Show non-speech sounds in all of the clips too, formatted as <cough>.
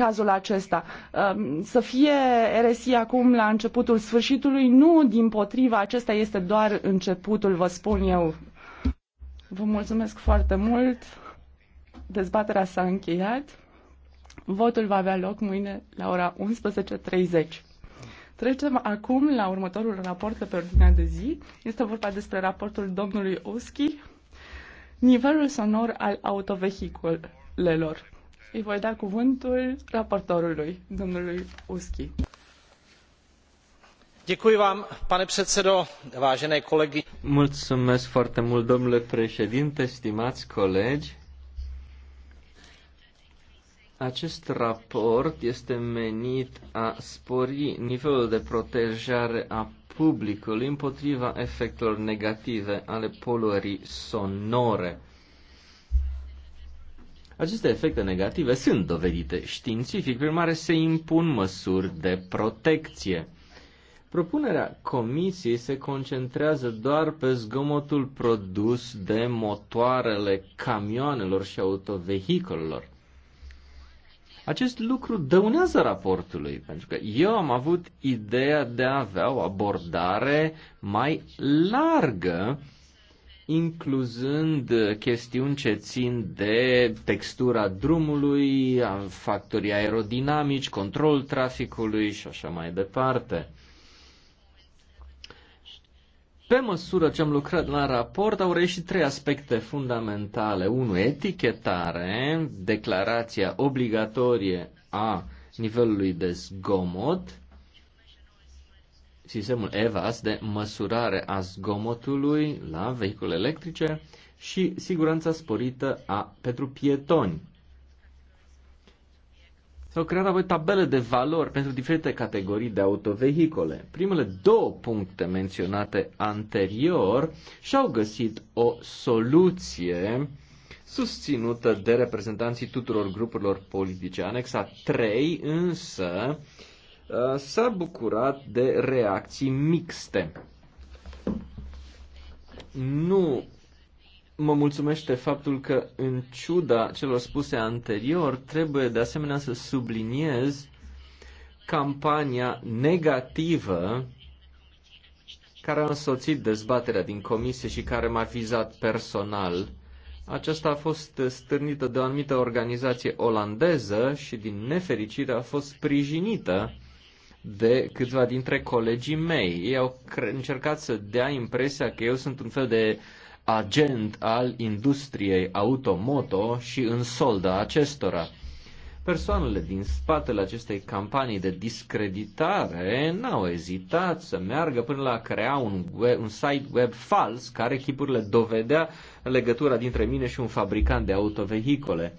cazul acesta. Um, să fie RSI acum la începutul sfârșitului, nu din potriva, acesta este doar începutul, vă spun eu. Vă mulțumesc foarte mult. Dezbaterea s-a încheiat. Votul va avea loc mâine la ora 11.30. Trecem acum la următorul raport de pe ordinea de zi. Este vorba despre raportul domnului Uschi, nivelul sonor al autovehiculelor. Îi voi da cuvântul raportorului, domnului Uschi. Děkuji vám, pane předsedo, vážené kolegy. Mulțumesc foarte mult, domnule președinte, stimați colegi. Acest raport este menit a spori nivelul de protejare a publicului împotriva efectelor negative ale poluării sonore. Aceste efecte negative sunt dovedite științific, prin urmare se impun măsuri de protecție. Propunerea comisiei se concentrează doar pe zgomotul produs de motoarele camioanelor și autovehicolelor. Acest lucru dăunează raportului, pentru că eu am avut ideea de a avea o abordare mai largă incluzând chestiuni ce țin de textura drumului, factorii aerodinamici, control traficului și așa mai departe. Pe măsură ce am lucrat la raport, au reieșit trei aspecte fundamentale. unu Etichetare, declarația obligatorie a nivelului de zgomot sistemul EVAS de măsurare a zgomotului la vehicule electrice și siguranța sporită a, pentru pietoni. S-au creat apoi tabele de valori pentru diferite categorii de autovehicole. Primele două puncte menționate anterior și-au găsit o soluție susținută de reprezentanții tuturor grupurilor politice. Anexa 3 însă Uh, s-a bucurat de reacții mixte. Nu mă mulțumește faptul că, în ciuda celor spuse anterior, trebuie de asemenea să subliniez campania negativă care a însoțit dezbaterea din comisie și care m-a vizat personal. Aceasta a fost stârnită de o anumită organizație olandeză și, din nefericire, a fost sprijinită de câțiva dintre colegii mei. Ei au încercat să dea impresia că eu sunt un fel de agent al industriei automoto și în solda acestora. Persoanele din spatele acestei campanii de discreditare n-au ezitat să meargă până la a crea un, web, un site web fals care chipurile dovedea legătura dintre mine și un fabricant de autovehicole.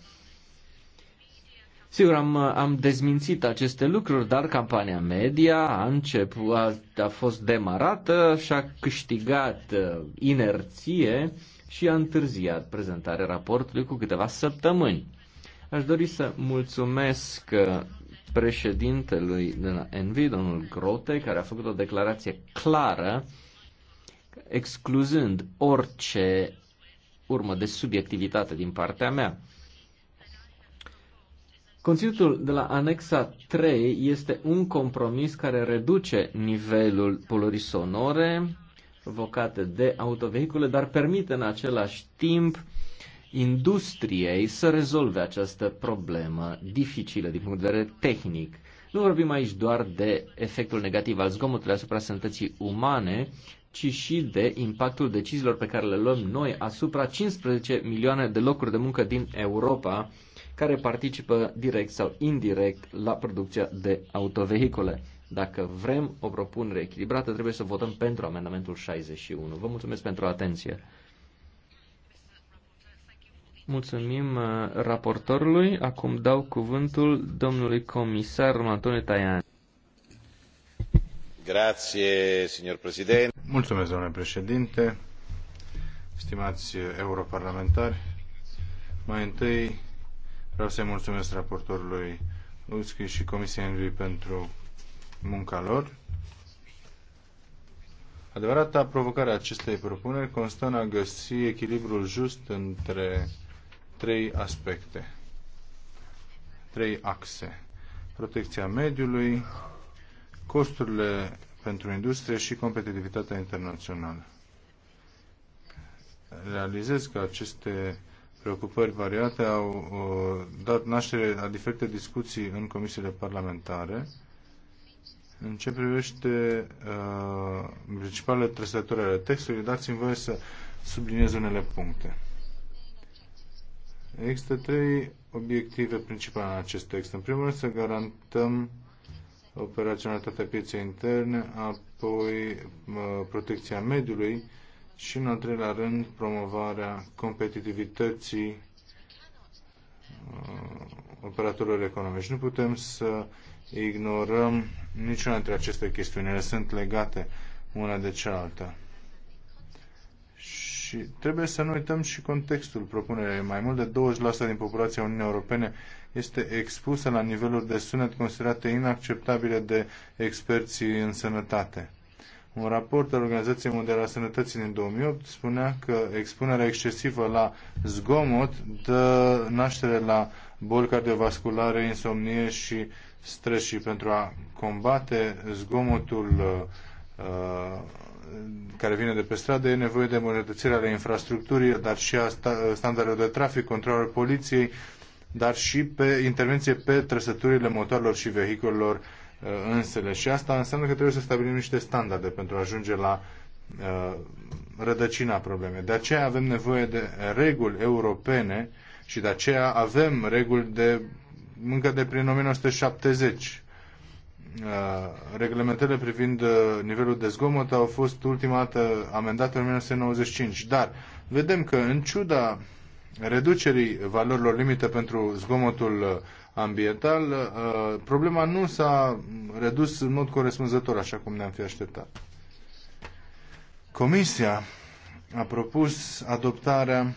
Sigur, am, am dezmințit aceste lucruri, dar campania media a început, a, a fost demarată și a câștigat uh, inerție și a întârziat prezentarea raportului cu câteva săptămâni. Aș dori să mulțumesc uh, președintelui de la Envi, domnul Grote, care a făcut o declarație clară, excluzând orice urmă de subiectivitate din partea mea. Conținutul de la anexa 3 este un compromis care reduce nivelul poluării sonore provocate de autovehicule, dar permite în același timp industriei să rezolve această problemă dificilă din punct de vedere tehnic. Nu vorbim aici doar de efectul negativ al zgomotului asupra sănătății umane, ci și de impactul deciziilor pe care le luăm noi asupra 15 milioane de locuri de muncă din Europa, care participă direct sau indirect la producția de autovehicule. Dacă vrem o propunere echilibrată, trebuie să votăm pentru amendamentul 61. Vă mulțumesc pentru atenție. Mulțumim uh, raportorului. Acum dau cuvântul domnului comisar Antonio Tajani. Grazie, signor Presidente. Mulțumesc, domnule președinte, stimați europarlamentari. Mai întâi Vreau să-i mulțumesc raportorului Uschi și Comisiei pentru munca lor. Adevărata provocare a acestei propuneri constă în a găsi echilibrul just între trei aspecte, trei axe. Protecția mediului, costurile pentru industrie și competitivitatea internațională. Realizez că aceste preocupări variate au uh, dat naștere la diferite discuții în comisiile parlamentare. În ce privește uh, principalele trăsături ale textului, dați-mi voie să subliniez unele puncte. Există trei obiective principale în acest text. În primul rând să garantăm operaționalitatea pieței interne, apoi uh, protecția mediului și, în al treilea rând, promovarea competitivității uh, operatorilor economici. Nu putem să ignorăm niciuna dintre aceste chestiuni. Ele sunt legate una de cealaltă. Și trebuie să nu uităm și contextul propunerii. Mai mult de 20% din populația Uniunii Europene este expusă la niveluri de sunet considerate inacceptabile de experții în sănătate. Un raport al Organizației Mondiale a Sănătății din 2008 spunea că expunerea excesivă la zgomot dă naștere la boli cardiovasculare, insomnie și stres și pentru a combate zgomotul uh, uh care vine de pe stradă e nevoie de îmbunătățirea ale infrastructurii, dar și a uh, standardelor de trafic, controlul poliției, dar și pe intervenție pe trăsăturile motoarelor și vehiculelor Uh, însele. Și asta înseamnă că trebuie să stabilim niște standarde pentru a ajunge la uh, rădăcina problemei. De aceea avem nevoie de reguli europene și de aceea avem reguli de încă de prin 1970. Uh, Reglementele privind nivelul de zgomot au fost ultima dată amendate în 1995, dar vedem că în ciuda reducerii valorilor limite pentru zgomotul ambiental, uh, problema nu s-a redus în mod corespunzător, așa cum ne-am fi așteptat. Comisia a propus adoptarea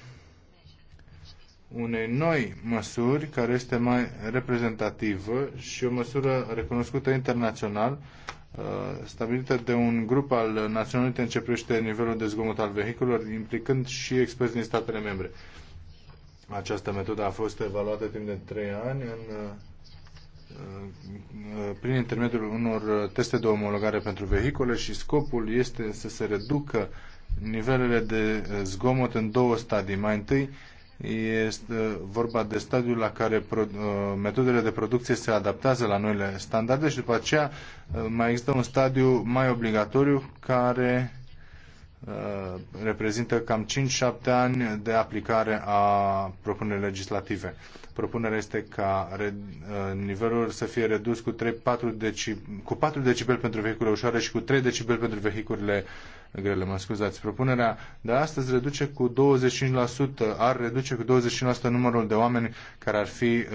unei noi măsuri care este mai reprezentativă și o măsură recunoscută internațional uh, stabilită de un grup al Națiunilor Unite în ce privește nivelul de zgomot al vehiculelor, implicând și experți din statele membre. Această metodă a fost evaluată timp de 3 ani în, prin intermediul unor teste de omologare pentru vehicule și scopul este să se reducă nivelele de zgomot în două stadii. Mai întâi este vorba de stadiul la care uh, metodele de producție se adaptează la noile standarde și după aceea uh, mai există un stadiu mai obligatoriu care Uh, reprezintă cam 5-7 ani de aplicare a propunerii legislative. Propunerea este ca uh, nivelul să fie redus cu, 3, 4 deci, cu 4 decibel pentru vehicule ușoare și cu 3 decibel pentru vehiculele grele. Mă scuzați. Propunerea de astăzi reduce cu 25%, ar reduce cu 25% numărul de oameni care ar fi uh,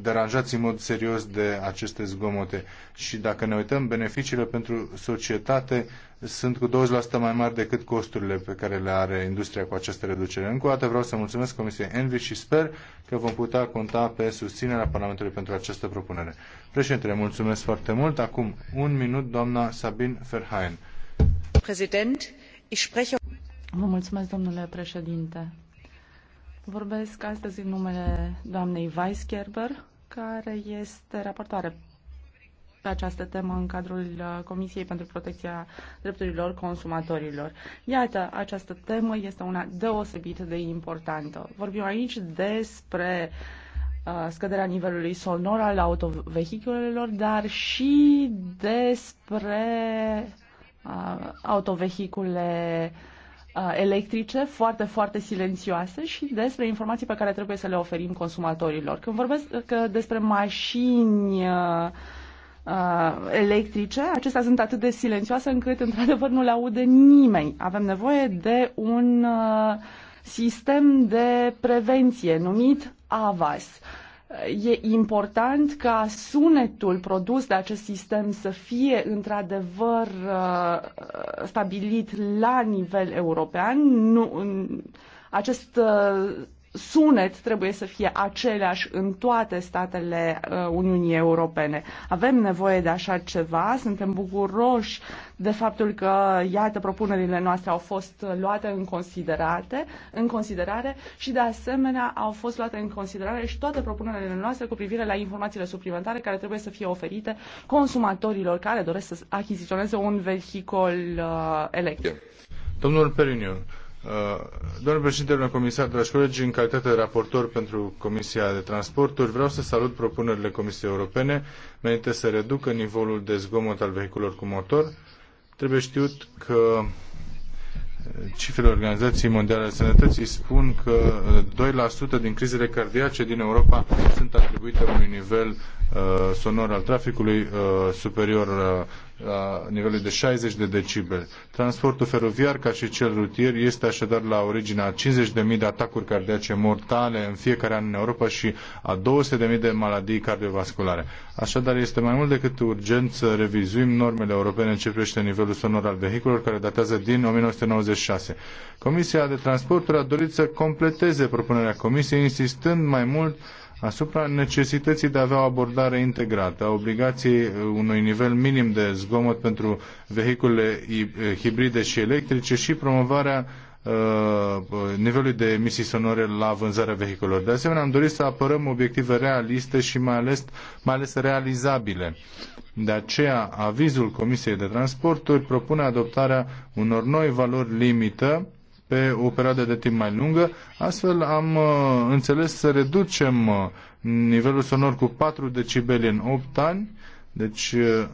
deranjați în mod serios de aceste zgomote. Și dacă ne uităm, beneficiile pentru societate uh, sunt cu 20% mai mari decât costurile pe care le are industria cu această reducere. Încă o dată vreau să mulțumesc Comisiei Envi și sper că vom putea conta pe susținerea Parlamentului pentru această propunere. Președintele, mulțumesc foarte mult. Acum un minut, doamna Sabine Ferhain. Prezident, ich spreche... Vă mulțumesc, domnule președinte. Vorbesc astăzi în numele doamnei Weisgerber, care este raportoare pe această temă în cadrul uh, Comisiei pentru Protecția Drepturilor Consumatorilor. Iată, această temă este una deosebit de importantă. Vorbim aici despre uh, scăderea nivelului sonor al autovehiculelor, dar și despre uh, autovehicule electrice, foarte, foarte silențioase și despre informații pe care trebuie să le oferim consumatorilor. Când vorbesc că despre mașini uh, electrice. Acestea sunt atât de silențioase încât, într-adevăr, nu le aude nimeni. Avem nevoie de un uh, sistem de prevenție numit AVAS. E important ca sunetul produs de acest sistem să fie într-adevăr uh, stabilit la nivel european. Nu, acest uh, sunet trebuie să fie aceleași în toate statele uh, Uniunii Europene. Avem nevoie de așa ceva, suntem bucuroși de faptul că, iată, propunerile noastre au fost luate în, considerate, în considerare și, de asemenea, au fost luate în considerare și toate propunerile noastre cu privire la informațiile suplimentare care trebuie să fie oferite consumatorilor care doresc să achiziționeze un vehicol uh, electric. Domnul Perinion, Uh, domnule președinte, domnule comisar, dragi colegi, în calitate de raportor pentru Comisia de Transporturi, vreau să salut propunerile Comisiei Europene menite să reducă nivelul de zgomot al vehiculelor cu motor. Trebuie știut că cifrele Organizației Mondiale a Sănătății spun că 2% din crizele cardiace din Europa sunt atribuite unui nivel Uh, sonor al traficului uh, superior uh, la nivelul de 60 de decibel. Transportul feroviar, ca și cel rutier, este așadar la originea 50.000 de atacuri cardiace mortale în fiecare an în Europa și a 200.000 de maladii cardiovasculare. Așadar, este mai mult decât urgent să revizuim normele europene în ce privește nivelul sonor al vehiculelor, care datează din 1996. Comisia de Transporturi a dorit să completeze propunerea Comisiei, insistând mai mult asupra necesității de a avea o abordare integrată, a obligației uh, unui nivel minim de zgomot pentru vehiculele uh, hibride și electrice și promovarea uh, nivelului de emisii sonore la vânzarea vehiculelor. De asemenea, am dorit să apărăm obiective realiste și mai ales, mai ales realizabile. De aceea, avizul Comisiei de Transporturi propune adoptarea unor noi valori limită pe o perioadă de timp mai lungă. Astfel am uh, înțeles să reducem uh, nivelul sonor cu 4 decibeli în 8 ani, deci uh,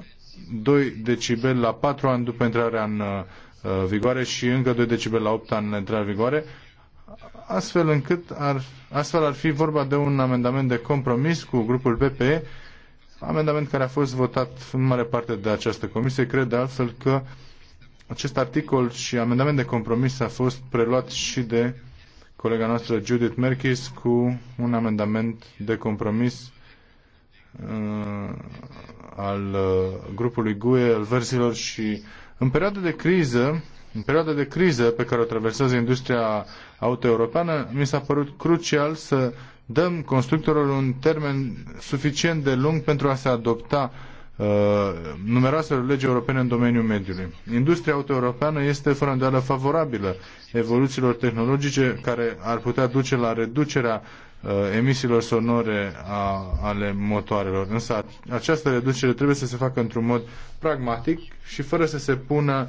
2 decibeli la 4 ani după intrarea în uh, vigoare și încă 2 decibeli la 8 ani la intrarea în vigoare, astfel încât ar, astfel ar fi vorba de un amendament de compromis cu grupul PPE, amendament care a fost votat în mare parte de această comisie. Cred de altfel că uh, acest articol și amendament de compromis a fost preluat și de colega noastră Judith Merkis cu un amendament de compromis uh, al uh, grupului GUE, al verzilor și în perioada de criză, în perioada de criză pe care o traversează industria auto-europeană, mi s-a părut crucial să dăm constructorilor un termen suficient de lung pentru a se adopta uh, Uh, numeroasele legi europene în domeniul mediului. Industria europeană este fără îndoială favorabilă evoluțiilor tehnologice care ar putea duce la reducerea uh, emisiilor sonore a, ale motoarelor. Însă această reducere trebuie să se facă într-un mod pragmatic și fără să se pună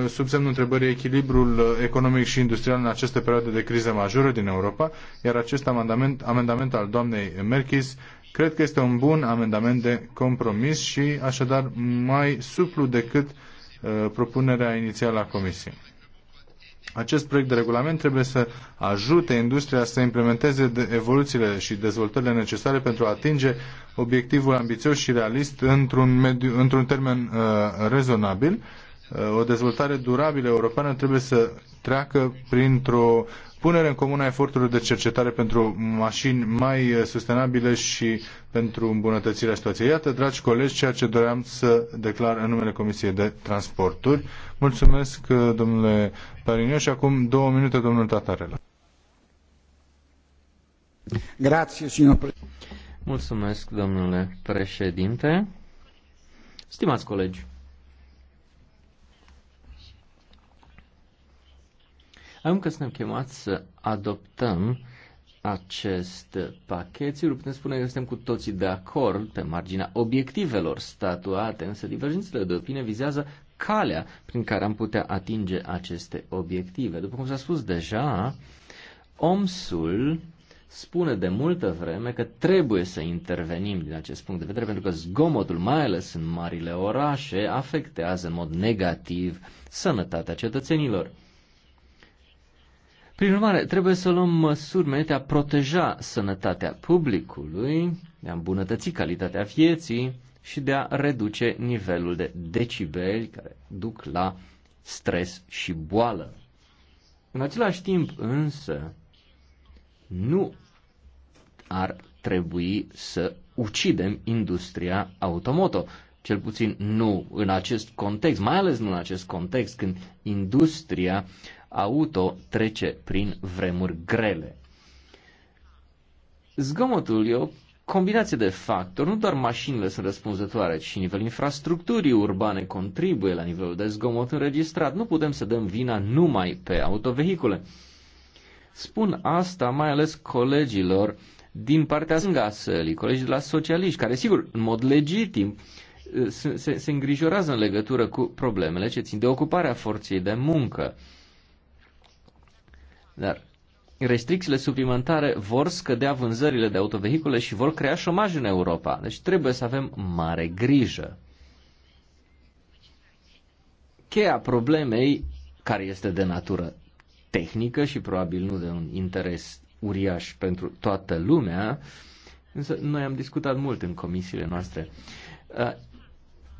uh, sub semnul întrebării echilibrul economic și industrial în această perioadă de criză majoră din Europa, iar acest amendament, amendament al doamnei Merkis Cred că este un bun amendament de compromis și așadar mai suplu decât uh, propunerea inițială a Comisiei. Acest proiect de regulament trebuie să ajute industria să implementeze evoluțiile și dezvoltările necesare pentru a atinge obiectivul ambițios și realist într-un, mediu, într-un termen uh, rezonabil o dezvoltare durabilă europeană trebuie să treacă printr-o punere în comun a eforturilor de cercetare pentru mașini mai sustenabile și pentru îmbunătățirea situației. Iată, dragi colegi, ceea ce doream să declar în numele Comisiei de Transporturi. Mulțumesc, domnule Parinio, și acum două minute, domnul Tatarela. Grazie, signor Mulțumesc, domnule președinte. Stimați colegi, că suntem chemați să adoptăm acest pachet. Sigur, putem spune că suntem cu toții de acord pe marginea obiectivelor statuate, însă divergențele de opinie vizează calea prin care am putea atinge aceste obiective. După cum s-a spus deja, OMSul spune de multă vreme că trebuie să intervenim din acest punct de vedere, pentru că zgomotul, mai ales în marile orașe, afectează în mod negativ sănătatea cetățenilor. Prin urmare, trebuie să luăm măsuri menite a proteja sănătatea publicului, de a îmbunătăți calitatea vieții și de a reduce nivelul de decibeli care duc la stres și boală. În același timp, însă, nu ar trebui să ucidem industria automoto, cel puțin nu în acest context, mai ales nu în acest context când industria auto trece prin vremuri grele. Zgomotul e o combinație de factori. Nu doar mașinile sunt răspunzătoare, ci și nivelul infrastructurii urbane contribuie la nivelul de zgomot înregistrat. Nu putem să dăm vina numai pe autovehicule. Spun asta mai ales colegilor din partea stânga sălii, colegii de la socialiști, care, sigur, în mod legitim, se, se îngrijorează în legătură cu problemele ce țin de ocuparea forței de muncă. Dar restricțiile suplimentare vor scădea vânzările de autovehicule și vor crea șomaj în Europa. Deci trebuie să avem mare grijă. Cheia problemei, care este de natură tehnică și probabil nu de un interes uriaș pentru toată lumea, însă noi am discutat mult în comisiile noastre. Uh,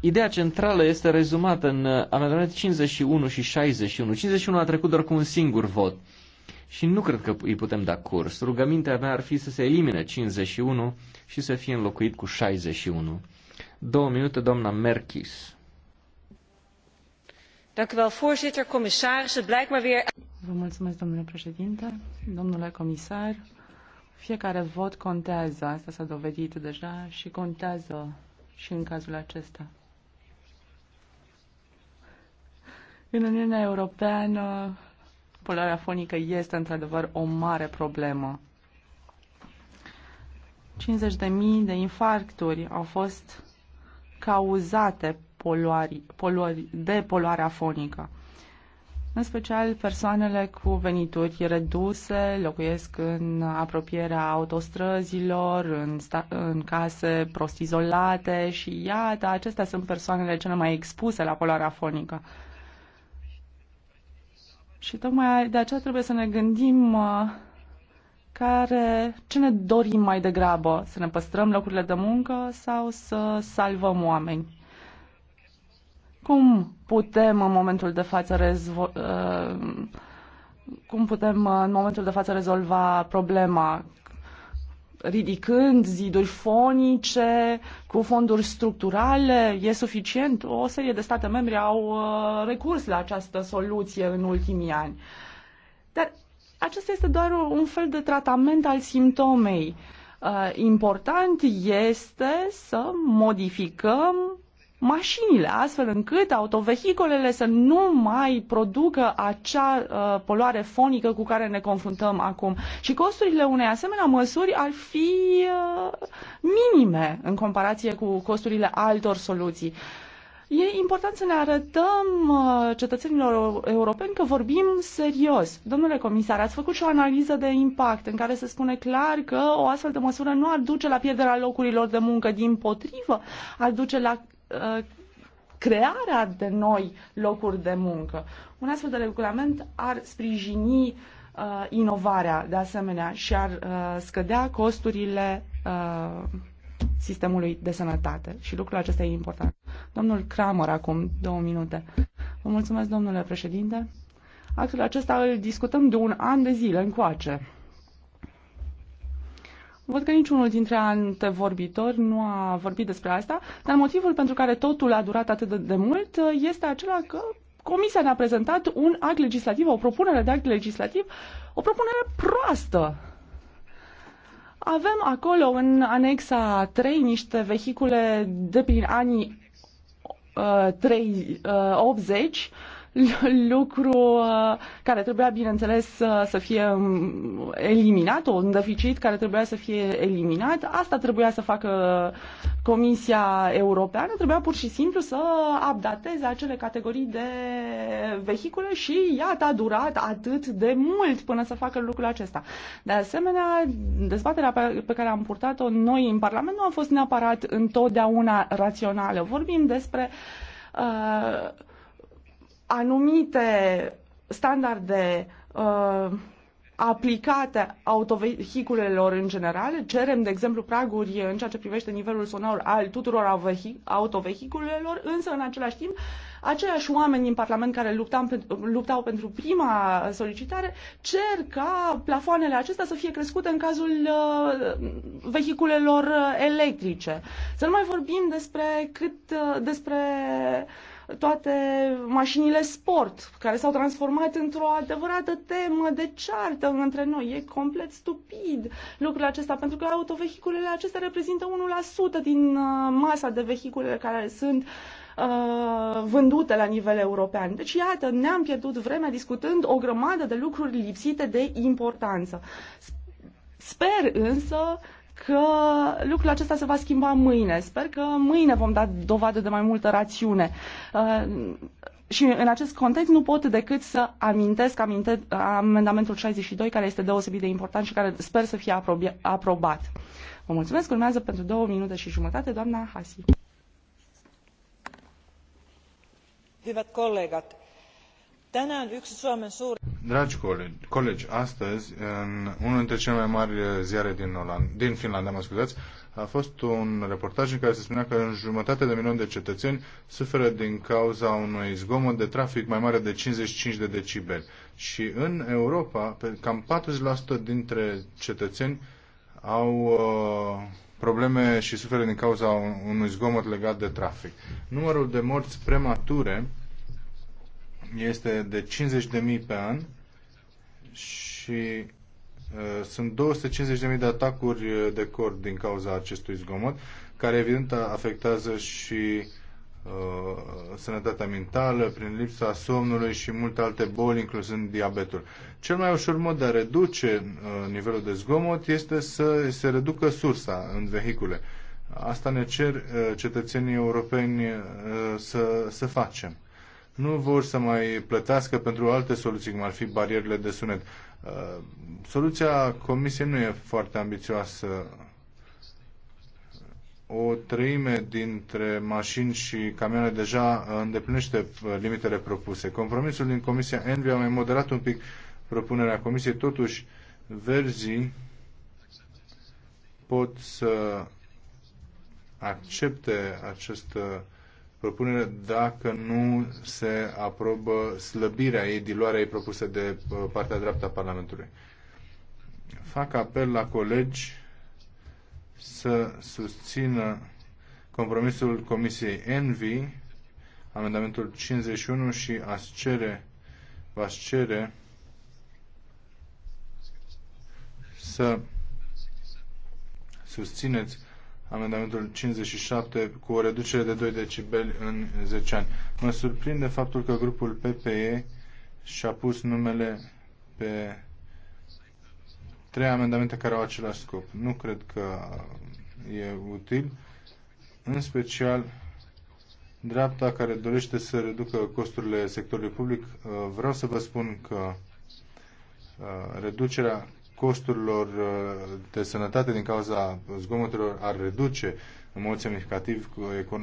Ideea centrală este rezumată în uh, amendamentele 51 și 61. 51 a trecut doar cu un singur vot și nu cred că îi putem da curs. Rugămintea mea ar fi să se elimine 51 și să fie înlocuit cu 61. Două minute, doamna Merkis. Vă mulțumesc, domnule președinte, domnule comisar. Fiecare vot contează, asta s-a dovedit deja și contează și în cazul acesta. În Uniunea Europeană polarea fonică este într-adevăr o mare problemă. 50.000 de infarcturi au fost cauzate poluari, poluari, de poluarea fonică. În special, persoanele cu venituri reduse locuiesc în apropierea autostrăzilor, în, sta- în case prostizolate și iată, acestea sunt persoanele cele mai expuse la poluarea fonică. Și tocmai de aceea trebuie să ne gândim uh, care, ce ne dorim mai degrabă, să ne păstrăm locurile de muncă sau să salvăm oameni. Cum putem în momentul de față rezolva uh, cum putem uh, în momentul de față rezolva problema ridicând ziduri fonice, cu fonduri structurale, e suficient? O serie de state membre au uh, recurs la această soluție în ultimii ani. Dar acesta este doar un fel de tratament al simptomei. Uh, important este să modificăm mașinile, astfel încât autovehicolele să nu mai producă acea uh, poluare fonică cu care ne confruntăm acum. Și costurile unei asemenea măsuri ar fi uh, minime în comparație cu costurile altor soluții. E important să ne arătăm uh, cetățenilor europeni că vorbim serios. Domnule comisar, ați făcut și o analiză de impact în care se spune clar că o astfel de măsură nu ar duce la pierderea locurilor de muncă, din potrivă, ar duce la Uh, crearea de noi locuri de muncă. Un astfel de regulament ar sprijini uh, inovarea de asemenea și ar uh, scădea costurile uh, sistemului de sănătate și lucrul acesta e important. Domnul Kramer acum două minute. Vă mulțumesc, domnule președinte. Actul acesta îl discutăm de un an de zile încoace. Văd că niciunul dintre antevorbitori nu a vorbit despre asta, dar motivul pentru care totul a durat atât de, de mult uh, este acela că Comisia ne-a prezentat un act legislativ, o propunere de act legislativ, o propunere proastă. Avem acolo în anexa 3 niște vehicule de prin anii uh, 3, uh, 80 <laughs> lucru uh, care trebuia, bineînțeles, să fie um, eliminat, un deficit care trebuia să fie eliminat. Asta trebuia să facă Comisia Europeană, trebuia pur și simplu să updateze acele categorii de vehicule și iată a durat atât de mult până să facă lucrul acesta. De asemenea, dezbaterea pe care am purtat-o noi în Parlament nu a fost neapărat întotdeauna rațională. Vorbim despre uh, anumite standarde uh, aplicate autovehiculelor în general. Cerem, de exemplu, praguri în ceea ce privește nivelul sonor al tuturor autovehiculelor, însă, în același timp, aceiași oameni din Parlament care luptam, luptau pentru prima solicitare cer ca plafoanele acestea să fie crescute în cazul uh, vehiculelor uh, electrice. Să nu mai vorbim despre cât uh, despre uh, toate mașinile sport, care s-au transformat într-o adevărată temă de ceartă între noi. E complet stupid lucrul acesta, pentru că autovehiculele acestea reprezintă 1% din uh, masa de vehicule care sunt uh, vândute la nivel european. Deci, iată, ne-am pierdut vremea discutând o grămadă de lucruri lipsite de importanță. Sper însă că lucrul acesta se va schimba mâine. Sper că mâine vom da dovadă de mai multă rațiune. Uh, și în acest context nu pot decât să amintesc aminte, amendamentul 62, care este deosebit de important și care sper să fie aprobat. Vă mulțumesc. Urmează pentru două minute și jumătate doamna Hasi. Hyvät kollegat, Dragi colegi, colegi, astăzi, în unul dintre cele mai mari ziare din, Oland, din Finlanda, mă scuzați, a fost un reportaj în care se spunea că în jumătate de milion de cetățeni suferă din cauza unui zgomot de trafic mai mare de 55 de decibeli. Și în Europa, cam 40% dintre cetățeni au uh, probleme și suferă din cauza unui zgomot legat de trafic. Numărul de morți premature este de 50.000 pe an și uh, sunt 250.000 de atacuri uh, de cord din cauza acestui zgomot, care evident afectează și uh, sănătatea mentală prin lipsa somnului și multe alte boli, incluzând diabetul. Cel mai ușor mod de a reduce uh, nivelul de zgomot este să se reducă sursa în vehicule. Asta ne cer uh, cetățenii europeni uh, să, să facem nu vor să mai plătească pentru alte soluții, cum ar fi barierele de sunet. Uh, soluția Comisiei nu e foarte ambițioasă. O treime dintre mașini și camioane deja îndeplinește limitele propuse. Compromisul din Comisia Envy a mai moderat un pic propunerea Comisiei, totuși verzii pot să accepte acest propunere dacă nu se aprobă slăbirea ei, diluarea ei propusă de uh, partea dreaptă a Parlamentului. Fac apel la colegi să susțină compromisul Comisiei Envi, amendamentul 51 și aș cere, v-aș cere să susțineți amendamentul 57 cu o reducere de 2 decibeli în 10 ani. Mă surprinde faptul că grupul PPE și-a pus numele pe trei amendamente care au același scop. Nu cred că e util, în special dreapta care dorește să reducă costurile sectorului public. Uh, vreau să vă spun că uh, reducerea costurilor uh, de sănătate din cauza zgomotelor ar reduce în mod semnificativ uh,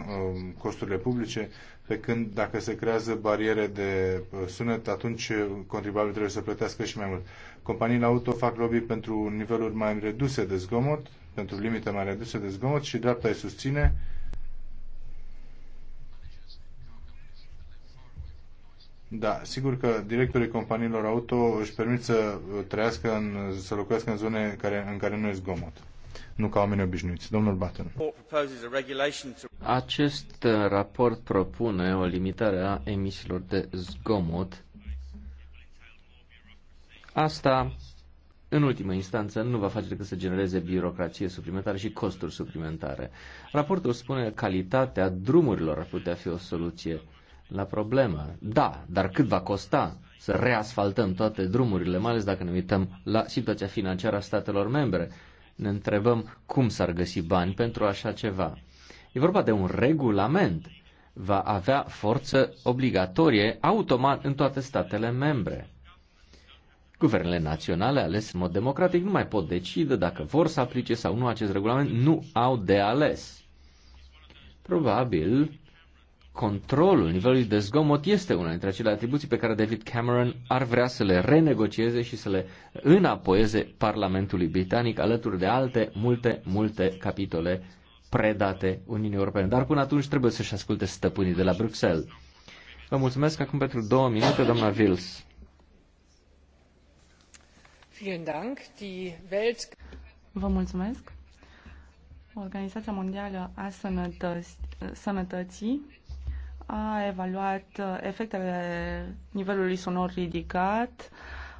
costurile publice, pe când dacă se creează bariere de uh, sunet, atunci contribuabilul trebuie să plătească și mai mult. Companiile auto fac lobby pentru niveluri mai reduse de zgomot, pentru limite mai reduse de zgomot și dreapta îi susține Da, sigur că directorii companiilor auto își permit să trăiască, în, să locuiască în zone care, în care nu e zgomot nu ca oameni obișnuiți. Domnul Batten. Acest uh, raport propune o limitare a emisiilor de zgomot. Asta, în ultimă instanță, nu va face decât să genereze birocrație suplimentară și costuri suplimentare. Raportul spune că calitatea drumurilor ar putea fi o soluție la problemă. Da, dar cât va costa să reasfaltăm toate drumurile, mai ales dacă ne uităm la situația financiară a statelor membre? Ne întrebăm cum s-ar găsi bani pentru așa ceva. E vorba de un regulament. Va avea forță obligatorie automat în toate statele membre. Guvernele naționale, ales în mod democratic, nu mai pot decide dacă vor să aplice sau nu acest regulament, nu au de ales. Probabil controlul nivelului de zgomot este una dintre acele atribuții pe care David Cameron ar vrea să le renegocieze și să le înapoieze Parlamentului Britanic alături de alte multe, multe capitole predate Uniunii Europene. Dar până atunci trebuie să-și asculte stăpânii de la Bruxelles. Vă mulțumesc acum pentru două minute, doamna Vils. Vă mulțumesc. Organizația Mondială a Sănătății a evaluat uh, efectele nivelului sonor ridicat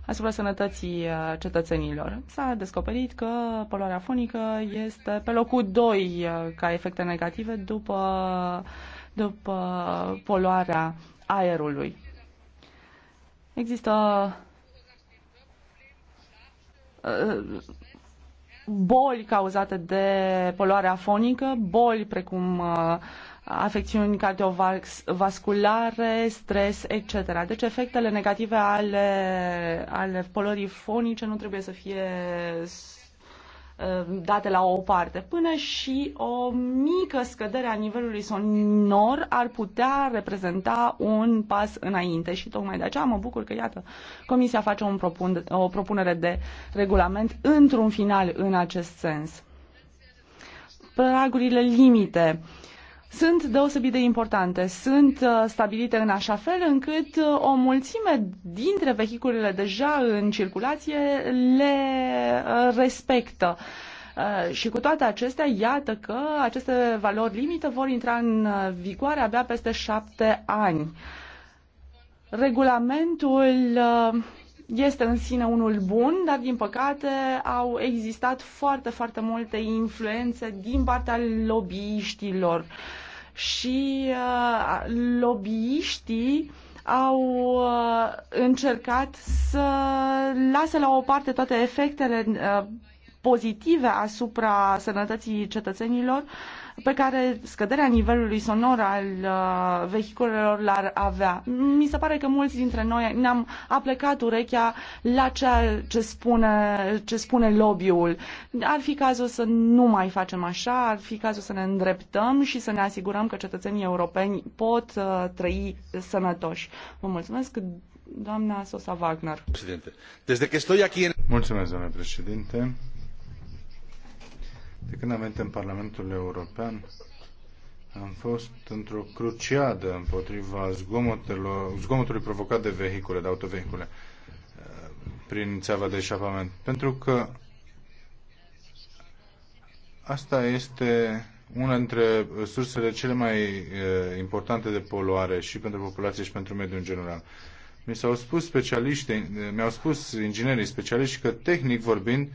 asupra sănătății uh, cetățenilor. S-a descoperit că poluarea fonică este pe locul 2 uh, ca efecte negative după, după poluarea aerului. Există boli cauzate de poluarea fonică, boli precum uh, afecțiuni cardiovasculare, stres, etc. Deci efectele negative ale, ale polării fonice nu trebuie să fie uh, date la o parte. Până și o mică scădere a nivelului sonor ar putea reprezenta un pas înainte și tocmai de aceea mă bucur că, iată, Comisia face un propun, o propunere de regulament într-un final în acest sens. Pragurile limite. Uh, sunt deosebit de importante. Sunt uh, stabilite în așa fel încât uh, o mulțime dintre vehiculele deja în circulație le uh, respectă. Și cu toate acestea, iată că aceste valori limită vor intra în vigoare abia peste șapte ani. Regulamentul este în sine unul bun, dar din păcate au existat foarte, foarte multe influențe din partea lobbyiștilor. Uh, și uh, lobbyiștii au uh, încercat să lase la o parte toate efectele uh, pozitive asupra sănătății cetățenilor pe care scăderea nivelului sonor al uh, vehiculelor l-ar avea. Mi se pare că mulți dintre noi ne-am aplecat urechea la ceea ce spune, ce spune lobby-ul. Ar fi cazul să nu mai facem așa, ar fi cazul să ne îndreptăm și să ne asigurăm că cetățenii europeni pot uh, trăi sănătoși. Vă mulțumesc, doamna Sosa Wagner. Președinte, desde que estoy aquí en... Mulțumesc, doamna președinte. De când am venit în Parlamentul European, am fost într-o cruciadă împotriva zgomotului provocat de vehicule, de autovehicule, uh, prin țeava de eșapament. Pentru că asta este una dintre sursele cele mai uh, importante de poluare și pentru populație și pentru mediul în general. Mi s-au spus specialiști, mi-au spus inginerii specialiști că tehnic vorbind,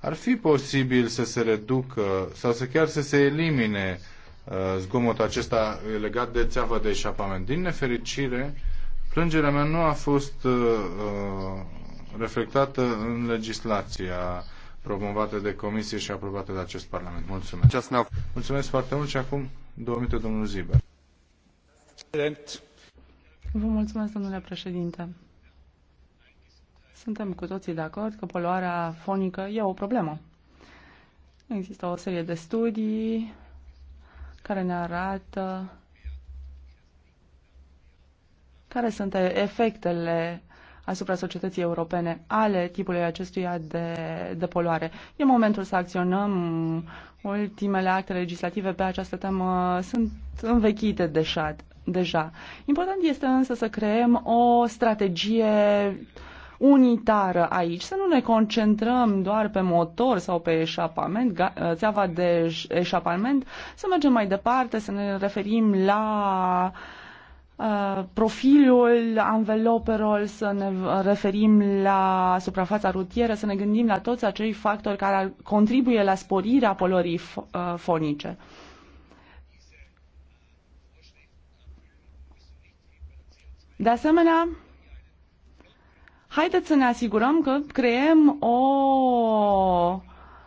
ar fi posibil să se reducă sau să chiar să se elimine uh, zgomotul acesta legat de țeavă de eșapament. Din nefericire, plângerea mea nu a fost uh, uh, reflectată în legislația promovată de comisie și aprobată de acest Parlament. Mulțumesc. Mulțumesc foarte mult și acum două minute domnul Ziber. Vă mulțumesc, domnule președinte. Suntem cu toții de acord că poluarea fonică e o problemă. Există o serie de studii care ne arată care sunt efectele asupra societății europene ale tipului acestuia de, de poluare. E momentul să acționăm. Ultimele acte legislative pe această temă sunt învechite deja. deja. Important este însă să creăm o strategie uh, unitară aici, să nu ne concentrăm doar pe motor sau pe eșapament, ă, țeava de eșapament, să mergem mai departe, să ne referim la ă, profilul anveloperol, să ne referim la suprafața rutieră, să ne gândim la toți acei factori care contribuie la sporirea polorii ă, fonice. De asemenea, Haideți să ne asigurăm că creăm o,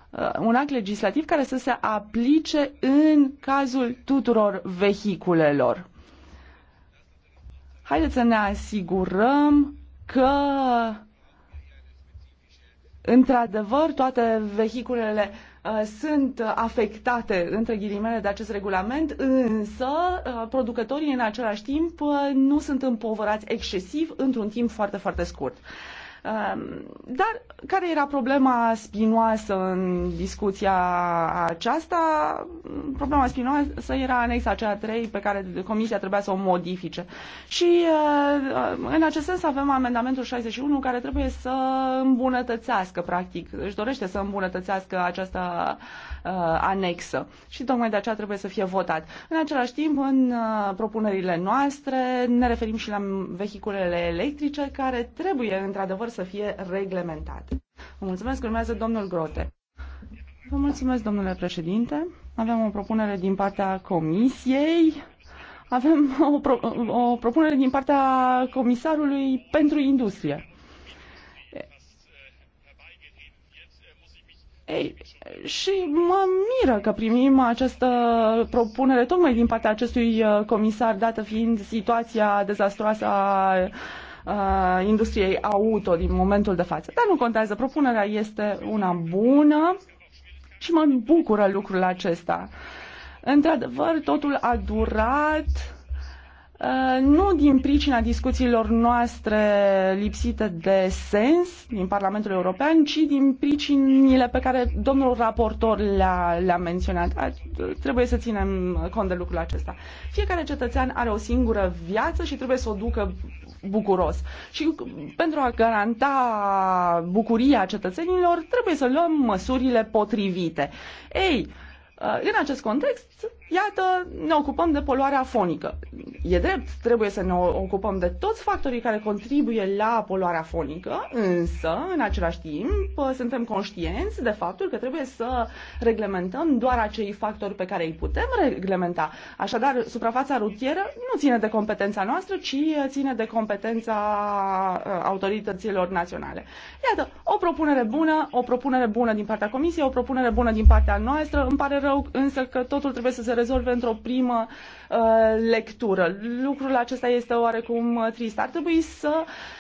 uh, un act legislativ care să se aplice în cazul tuturor vehiculelor. Haideți să ne asigurăm că într-adevăr toate vehiculele uh, Uh, sunt afectate, între ghilimele, de acest regulament, însă uh, producătorii în același timp uh, nu sunt împovărați excesiv într-un timp foarte, foarte scurt. Um, dar care era problema spinoasă în discuția aceasta? Problema spinoasă era anexa aceea 3 pe care Comisia trebuia să o modifice. Și uh, în acest sens avem amendamentul 61 care trebuie să îmbunătățească, practic, își dorește să îmbunătățească această uh, Uh, anexă. Și tocmai de aceea trebuie să fie votat. În același timp, în uh, propunerile noastre ne referim și la vehiculele electrice care trebuie într-adevăr să fie reglementate. Vă mulțumesc, urmează domnul Grote. Vă mulțumesc, domnule președinte. Avem o propunere din partea Comisiei. Avem o, pro- o propunere din partea Comisarului pentru Industrie. Ei, și mă miră că primim această propunere tocmai din partea acestui uh, comisar, dată fiind situația dezastroasă a uh, industriei auto din momentul de față. Dar nu contează, propunerea este una bună și mă bucură lucrul acesta. Într-adevăr, totul a durat Uh, nu din pricina discuțiilor noastre lipsite de sens din Parlamentul European, ci din pricinile pe care domnul raportor le-a, le-a menționat. A, trebuie să ținem cont de lucrul acesta. Fiecare cetățean are o singură viață și trebuie să o ducă bucuros. Și pentru a garanta bucuria cetățenilor, trebuie să luăm măsurile potrivite. Ei, uh, în acest context, Iată, ne ocupăm de poluarea fonică. E drept, trebuie să ne ocupăm de toți factorii care contribuie la poluarea fonică, însă, în același timp, suntem conștienți de faptul că trebuie să reglementăm doar acei factori pe care îi putem reglementa. Așadar, suprafața rutieră nu ține de competența noastră, ci ține de competența uh, autorităților naționale. Iată, o propunere bună, o propunere bună din partea Comisiei, o propunere bună din partea noastră. Îmi pare rău însă că totul trebuie să se rezolve într-o primă uh, lectură. Lucrul acesta este oarecum uh, trist. Ar trebui să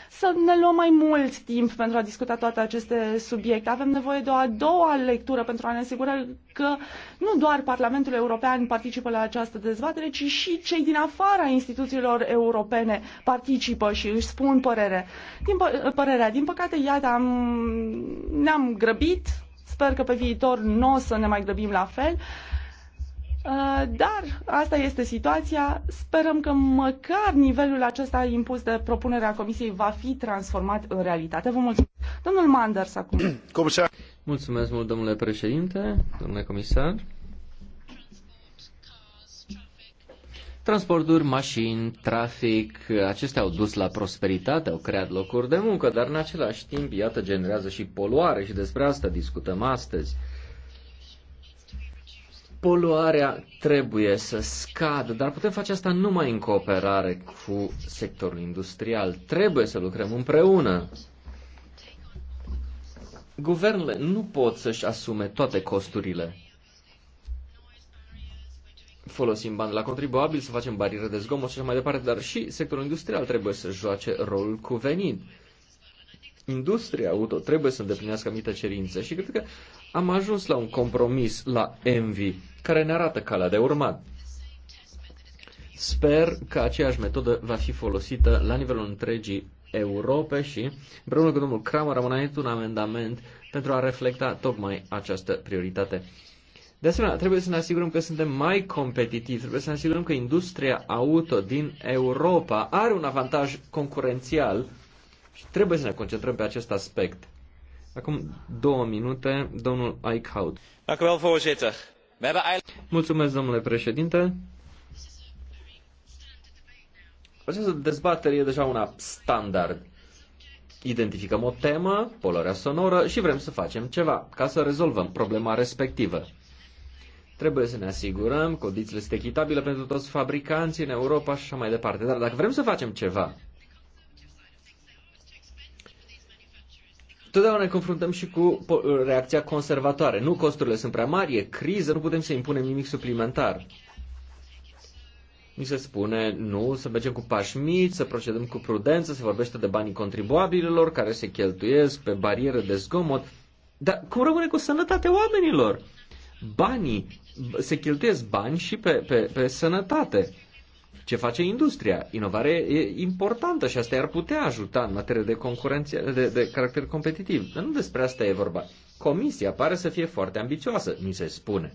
să ne luăm mai mult timp pentru a discuta toate aceste subiecte. Avem nevoie de o a doua lectură pentru a ne asigura că nu doar Parlamentul European participă la această dezbatere, ci și cei din afara instituțiilor europene participă și își spun părere. Din pă- uh, părerea. Din păcate, iată, am, ne-am grăbit, Sper că pe viitor nu o să ne mai grăbim la fel. Uh, dar asta este situația. Sperăm că măcar nivelul acesta impus de propunerea Comisiei va fi transformat în realitate. Vă mulțumesc. Domnul Manders acum. <clears throat> Comisar. Mulțumesc mult, domnule președinte, domnule comisar. Transporturi, mașini, trafic, acestea au dus la prosperitate, au creat locuri de muncă, dar în același timp, iată, generează și poluare și despre asta discutăm astăzi poluarea trebuie să scadă, dar putem face asta numai în cooperare cu sectorul industrial. Trebuie să lucrăm împreună. Guvernele nu pot să-și asume toate costurile. Folosim bani la contribuabil să facem bariere de zgomot și așa mai departe, dar și sectorul industrial trebuie să joace rolul cuvenit industria auto trebuie să îndeplinească anumite cerințe și cred că am ajuns la un compromis la Envy care ne arată calea de urmat. Sper că aceeași metodă va fi folosită la nivelul întregii Europe și împreună cu domnul Kramer am înainte un amendament pentru a reflecta tocmai această prioritate. De asemenea, trebuie să ne asigurăm că suntem mai competitivi, trebuie să ne asigurăm că industria auto din Europa are un avantaj concurențial și trebuie să ne concentrăm pe acest aspect. Acum două minute, domnul Eichhout. Mulțumesc, domnule președinte. Această dezbatere e deja una standard. Identificăm o temă, polarea sonoră și vrem să facem ceva ca să rezolvăm problema respectivă. Trebuie să ne asigurăm, condițiile sunt echitabile pentru toți fabricanții în Europa și așa mai departe. Dar dacă vrem să facem ceva, Totdeauna ne confruntăm și cu reacția conservatoare. Nu costurile sunt prea mari, e criză, nu putem să impunem nimic suplimentar. Mi se spune, nu, să mergem cu pași mici, să procedăm cu prudență, se vorbește de banii contribuabililor care se cheltuiesc pe barieră de zgomot. Dar cum rămâne cu sănătatea oamenilor? Banii, se cheltuiesc bani și pe, pe, pe sănătate ce face industria. Inovare e importantă și asta ar putea ajuta în materie de, concurenție, de, de caracter competitiv. Dar nu despre asta e vorba. Comisia pare să fie foarte ambițioasă, mi se spune.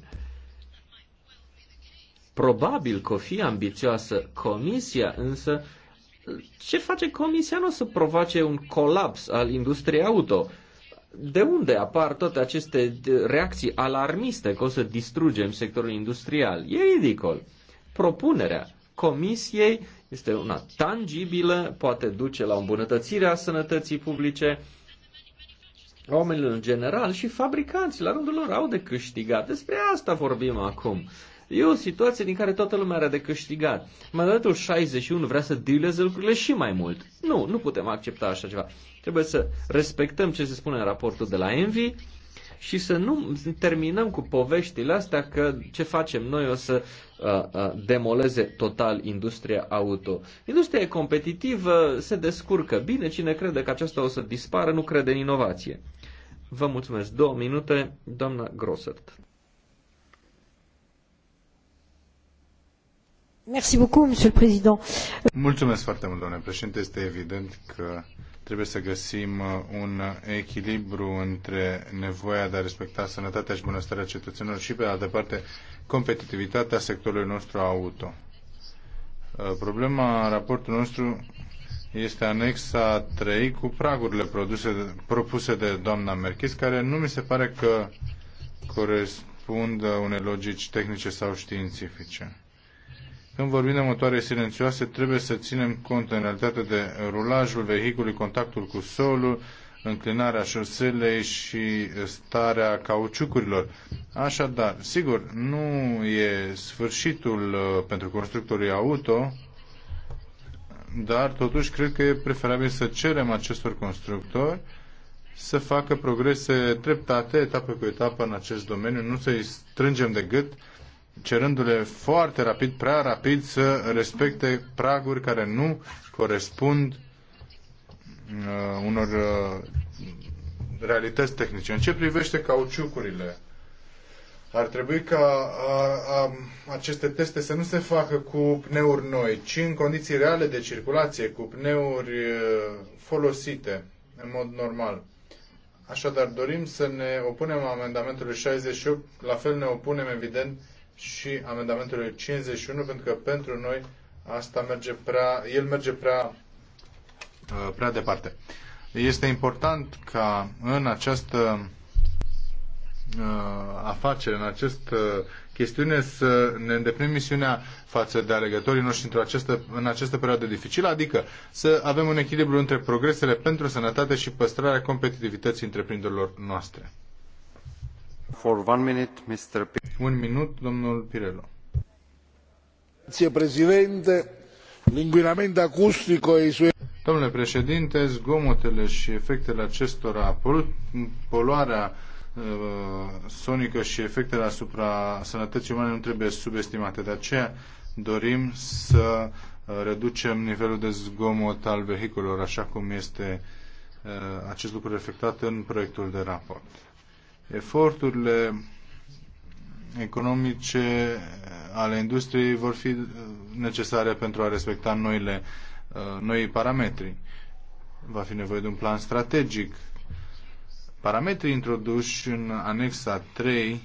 Probabil că o fi ambițioasă comisia, însă ce face comisia nu o să provoace un colaps al industriei auto? De unde apar toate aceste reacții alarmiste că o să distrugem sectorul industrial? E ridicol. Propunerea Comisiei, este una tangibilă, poate duce la îmbunătățirea sănătății publice, oamenilor în general și fabricanții la rândul lor au de câștigat. Despre asta vorbim acum. E o situație din care toată lumea are de câștigat. Mandatul 61 vrea să dileze lucrurile și mai mult. Nu, nu putem accepta așa ceva. Trebuie să respectăm ce se spune în raportul de la Envi, și să nu terminăm cu poveștile astea că ce facem noi o să uh, uh, demoleze total industria auto. Industria e competitivă, se descurcă bine, cine crede că aceasta o să dispară nu crede în inovație. Vă mulțumesc. Două minute, doamna président. Mulțumesc foarte mult, domnule președinte. Este evident că Trebuie să găsim uh, un uh, echilibru între nevoia de a respecta sănătatea și bunăstarea cetățenilor și, pe de altă parte, competitivitatea sectorului nostru auto. Uh, problema raportului nostru este anexa 3 cu pragurile produse, propuse de doamna Merchis, care nu mi se pare că corespund unei logici tehnice sau științifice. Când vorbim de motoare silențioase, trebuie să ținem cont în realitate de rulajul vehicului, contactul cu solul, înclinarea șoselei și starea cauciucurilor. Așadar, sigur, nu e sfârșitul uh, pentru constructorii auto, dar totuși cred că e preferabil să cerem acestor constructori să facă progrese treptate, etapă cu etapă în acest domeniu, nu să-i strângem de gât cerându-le foarte rapid, prea rapid, să respecte praguri care nu corespund uh, unor uh, realități tehnice. În ce privește cauciucurile, ar trebui ca a, uh, a, aceste teste să nu se facă cu pneuri noi, ci în condiții reale de circulație, cu pneuri uh, folosite în mod normal. Așadar, dorim să ne opunem amendamentului 68, la fel ne opunem, evident, și amendamentului 51, pentru că pentru noi asta merge prea, el merge prea, uh, prea departe. Este important ca în această uh, afacere, în această chestiune să ne îndeplinim misiunea față de alegătorii noștri într-o această, în această perioadă dificilă, adică să avem un echilibru între progresele pentru sănătate și păstrarea competitivității întreprinderilor noastre. Un minut, Pirello. președinte. Domnule președinte, zgomotele și efectele acestora, poluarea uh, sonică și efectele asupra sănătății umane nu trebuie subestimate. De aceea dorim să uh, reducem nivelul de zgomot al vehiculelor, așa cum este uh, acest lucru reflectat în proiectul de raport. Eforturile economice ale industriei vor fi necesare pentru a respecta noile, uh, noi parametri. Va fi nevoie de un plan strategic. Parametrii introduși în anexa 3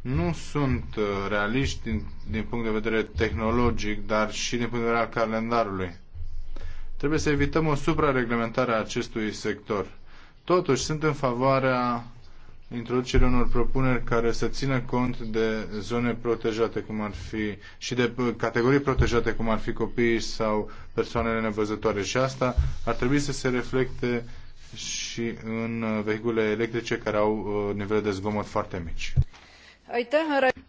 nu sunt uh, realiști din, din punct de vedere tehnologic, dar și din punct de vedere al calendarului. Trebuie să evităm o suprareglementare a acestui sector. Totuși, sunt în favoarea introducerea unor propuneri care să țină cont de zone protejate, cum ar fi și de uh, categorii protejate, cum ar fi copiii sau persoanele nevăzătoare. Și asta ar trebui să se reflecte și în uh, vehicule electrice care au uh, nivele de zgomot foarte mici.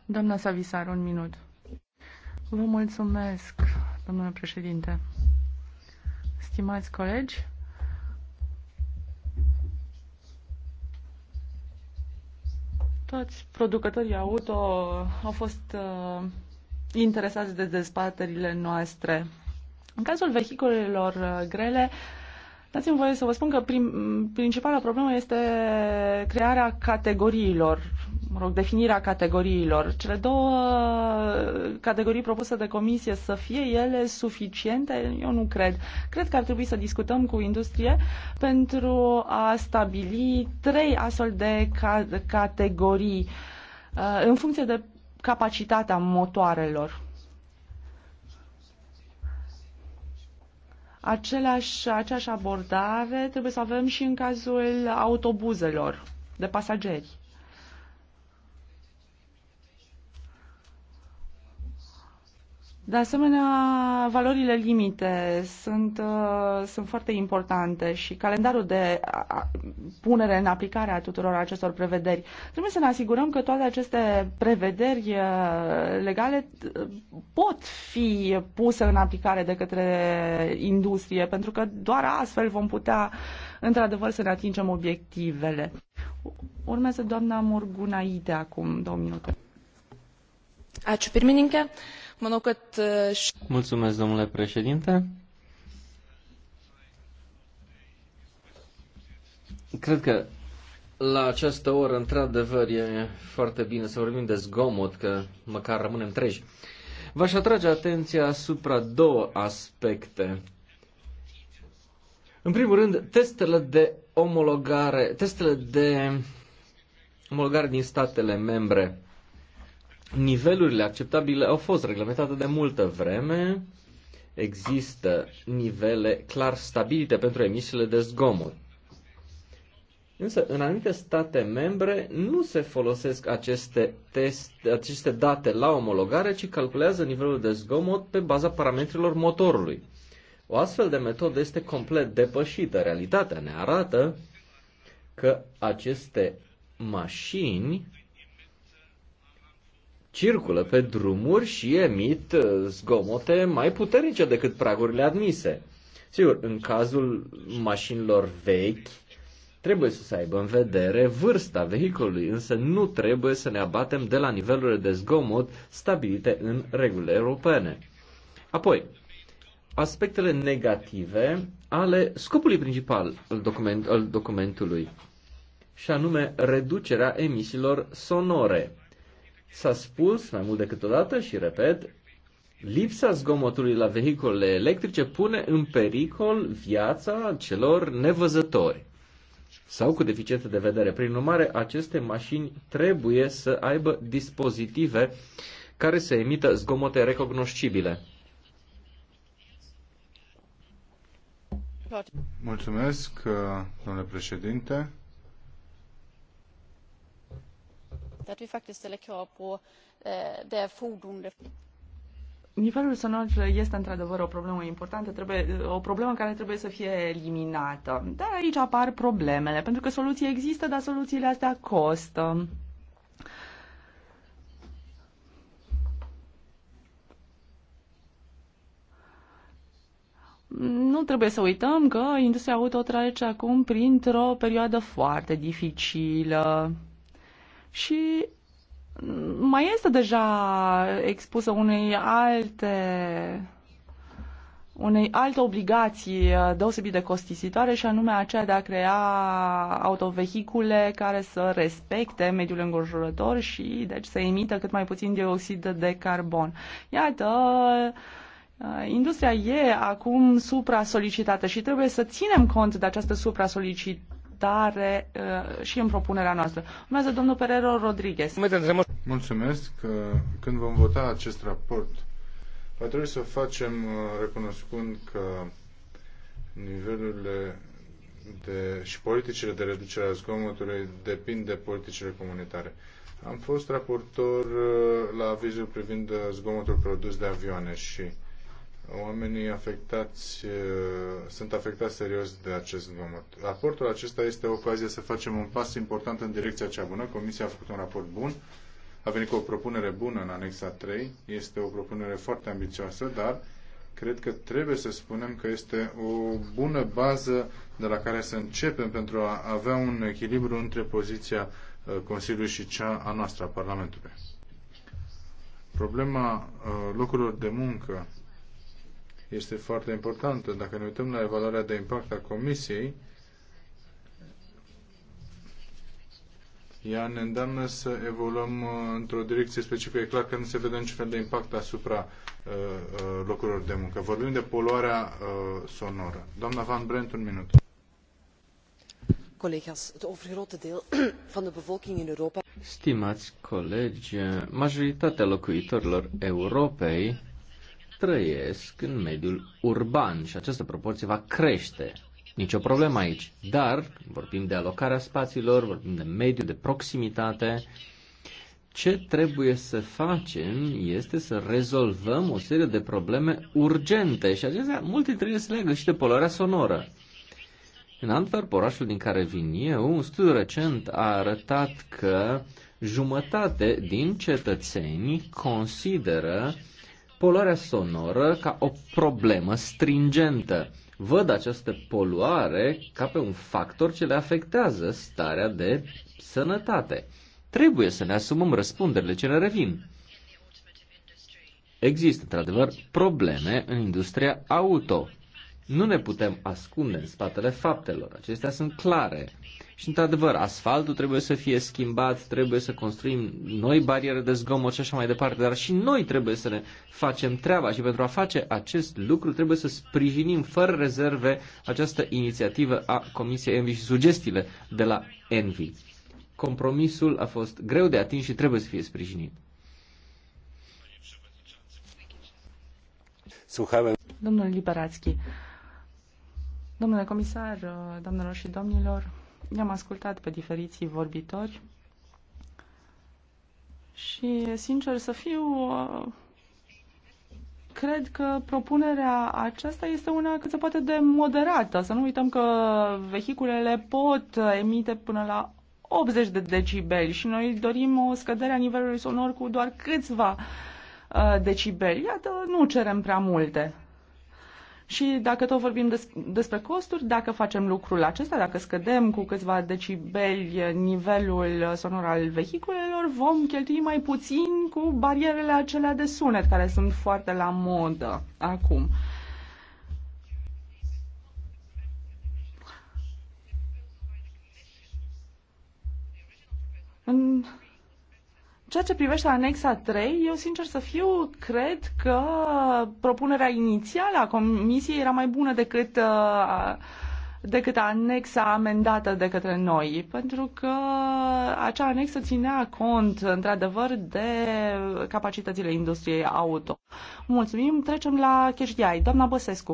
Doamna Savisar, un minut. Vă mulțumesc, domnule președinte. Stimați colegi, Toți producătorii auto au fost uh, interesați de dezbaterile noastre. În cazul vehiculelor uh, grele, uh, Dați-mi voie să vă spun că prim, principala problemă este crearea categoriilor, mă rog, definirea categoriilor. Cele două categorii propuse de comisie să fie ele suficiente, eu nu cred. Cred că ar trebui să discutăm cu industrie pentru a stabili trei astfel de ca- categorii uh, în funcție de capacitatea motoarelor. Același, aceeași abordare trebuie să avem și în cazul autobuzelor de pasageri. De asemenea, valorile limite sunt, uh, sunt foarte importante și calendarul de a, punere în aplicare a tuturor acestor prevederi. Trebuie să ne asigurăm că toate aceste prevederi uh, legale uh, pot fi puse în aplicare de către industrie, pentru că doar astfel vom putea, într-adevăr, să ne atingem obiectivele. Urmează doamna Morgunaite acum două minute. Ačiū pirmininkė. Manau kad... Mulțumesc, domnule președinte. Cred că la această oră, într-adevăr, e foarte bine să vorbim de zgomot, că măcar rămânem treji. V-aș atrage atenția asupra două aspecte. În primul rând, testele de omologare, testele de omologare din statele membre nivelurile acceptabile au fost reglementate de multă vreme. Există nivele clar stabilite pentru emisiile de zgomot. Însă, în anumite state membre nu se folosesc aceste, test, aceste date la omologare, ci calculează nivelul de zgomot pe baza parametrilor motorului. O astfel de metodă este complet depășită. Realitatea ne arată că aceste mașini circulă pe drumuri și emit uh, zgomote mai puternice decât pragurile admise. Sigur, în cazul mașinilor vechi, trebuie să aibă în vedere vârsta vehiculului, însă nu trebuie să ne abatem de la nivelurile de zgomot stabilite în regulile europene. Apoi, aspectele negative ale scopului principal al, document, al documentului, și anume reducerea emisiilor sonore. S-a spus mai mult decât odată și repet, lipsa zgomotului la vehicolele electrice pune în pericol viața celor nevăzători sau cu deficiență de vedere. Prin urmare, aceste mașini trebuie să aibă dispozitive care să emită zgomote recognoscibile. Mulțumesc, domnule președinte. att vi faktiskt ställer krav på eh, det fordon det Nivelul sonor este într-adevăr o problemă importantă, trebuie, o problemă care trebuie să fie eliminată. Dar aici apar problemele, pentru că soluții există, dar soluțiile astea costă. nu trebuie să uităm că industria auto trece acum printr-o perioadă foarte dificilă și mai este deja expusă unei alte unei alte obligații uh, deosebit de costisitoare și anume aceea de a crea autovehicule care să respecte mediul înconjurător și deci să emită cât mai puțin dioxid de carbon. Iată, uh, industria e acum supra-solicitată și trebuie să ținem cont de această supra-solicitare uh, și în propunerea noastră. Urmează domnul Perero Rodriguez. Mulțumesc. că uh, Când vom vota acest raport, va trebui să facem uh, recunoscând că nivelurile de, și politicile de reducere a zgomotului depind de politicile comunitare. Am fost raportor uh, la avizul privind zgomotul produs de avioane și oamenii afectați, uh, sunt afectați serios de acest zgomot. Raportul acesta este o ocazie să facem un pas important în direcția cea bună. Comisia a făcut un raport bun, a venit cu o propunere bună în anexa 3, este o propunere foarte ambițioasă, dar cred că trebuie să spunem că este o bună bază de la care să începem pentru a avea un echilibru între poziția uh, Consiliului și cea a noastră, a Parlamentului. Problema uh, locurilor de muncă este foarte importantă. Dacă ne uităm la evaluarea de impact a Comisiei, ea ne îndeamnă să evoluăm uh, într-o direcție specifică. E clar că nu se vede niciun fel de impact asupra uh, uh locurilor de muncă. Vorbim de poluarea uh, sonoră. Doamna Van Brent, un minut. <clears throat> Stimați colegi, majoritatea locuitorilor Europei trăiesc în mediul urban și această proporție va crește. Nicio problemă aici. Dar vorbim de alocarea spațiilor, vorbim de mediu, de proximitate. Ce trebuie să facem este să rezolvăm o serie de probleme urgente și acestea multe dintre ele se leagă și de poluarea sonoră. În Antwerp, orașul din care vin eu, un studiu recent a arătat că jumătate din cetățeni consideră poluarea sonoră ca o problemă stringentă. Văd această poluare ca pe un factor ce le afectează starea de sănătate. Trebuie să ne asumăm răspunderile ce ne revin. Există, într-adevăr, probleme în industria auto. Nu ne putem ascunde în spatele faptelor, acestea sunt clare. Și într-adevăr, asfaltul trebuie să fie schimbat, trebuie să construim noi bariere de zgomot și așa mai departe, dar și noi trebuie să ne facem treaba și pentru a face acest lucru trebuie să sprijinim fără rezerve această inițiativă a Comisiei Envi și sugestiile de la Envi. Compromisul a fost greu de atins și trebuie să fie sprijinit. Domnul Liberațchi, Domnule comisar, doamnelor și domnilor, i-am ascultat pe diferiții vorbitori și, sincer să fiu, cred că propunerea aceasta este una cât se poate de moderată. Să nu uităm că vehiculele pot emite până la 80 de decibeli și noi dorim o scădere a nivelului sonor cu doar câțiva uh, decibeli. Iată, nu cerem prea multe. Și dacă tot vorbim des, despre costuri, dacă facem lucrul acesta, dacă scădem cu câțiva decibeli nivelul sonor al vehiculelor, vom cheltui mai puțin cu barierele acelea de sunet, care sunt foarte la modă acum. În ceea ce privește anexa 3, eu sincer să fiu, cred că propunerea inițială a Comisiei era mai bună decât, uh, decât anexa amendată de către noi, pentru că acea anexă ținea cont, într-adevăr, de capacitățile industriei auto. Mulțumim, trecem la HDI. Doamna Băsescu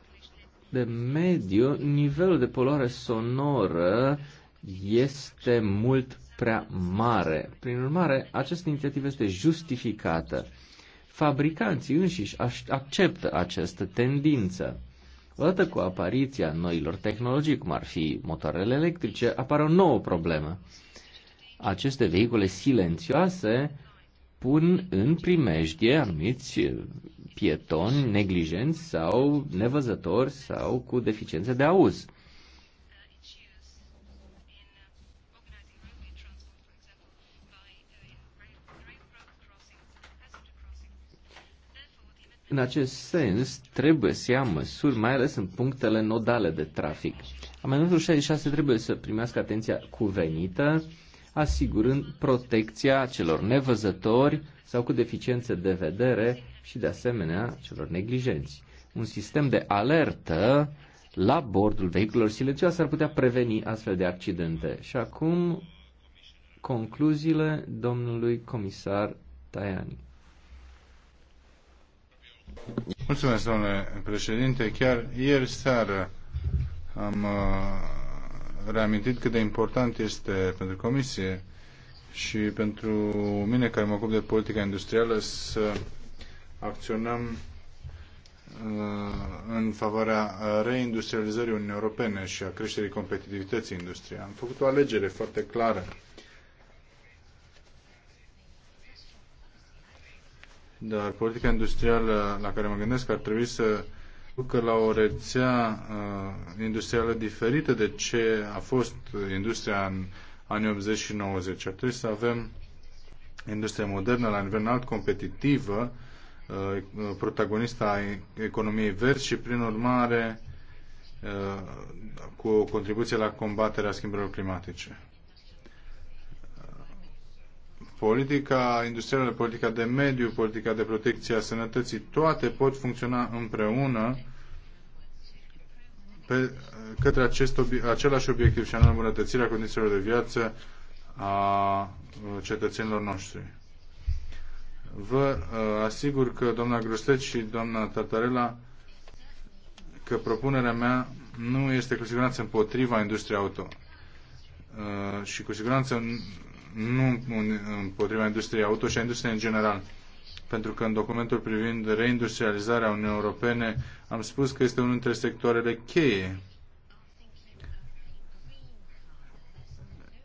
de mediu, nivelul de poluare sonoră este mult prea mare. Prin urmare, această inițiativă este justificată. Fabricanții înșiși acceptă această tendință. Odată cu apariția noilor tehnologii, cum ar fi motoarele electrice, apare o nouă problemă. Aceste vehicule silențioase pun în primejdie anumiți pietoni neglijenți sau nevăzători sau cu deficiențe de auz. În acest sens, trebuie să ia măsuri, mai ales în punctele nodale de trafic. Amendamentul 66 trebuie să primească atenția cuvenită, asigurând protecția celor nevăzători sau cu deficiențe de vedere și de asemenea celor neglijenți. Un sistem de alertă la bordul vehiculelor silențioase ar putea preveni astfel de accidente. Și acum concluziile domnului comisar Tajani. Mulțumesc, domnule președinte. Chiar ieri seară am uh, reamintit cât de important este pentru comisie și pentru mine care mă ocup de politica industrială să acționăm uh, în favoarea uh, reindustrializării Uniunii Europene și a creșterii competitivității industriei. Am făcut o alegere foarte clară. Dar politica industrială la care mă gândesc ar trebui să ducă la o rețea uh, industrială diferită de ce a fost industria în anii 80 și 90. Ar trebui să avem industrie modernă la nivel înalt, competitivă, Uh, protagonista a economiei verzi și, prin urmare, uh, cu o contribuție la combaterea schimbărilor climatice. Politica industrială, politica de mediu, politica de protecție a sănătății, toate pot funcționa împreună pe, către acest obi- același obiectiv și anume îmbunătățirea condițiilor de viață a uh, cetățenilor noștri. Vă uh, asigur că doamna Grostet și doamna Tatarela că propunerea mea nu este cu siguranță împotriva industriei auto uh, și cu siguranță nu împotriva industriei auto și a industriei în general. Pentru că în documentul privind reindustrializarea Uniunii Europene am spus că este unul dintre sectoarele cheie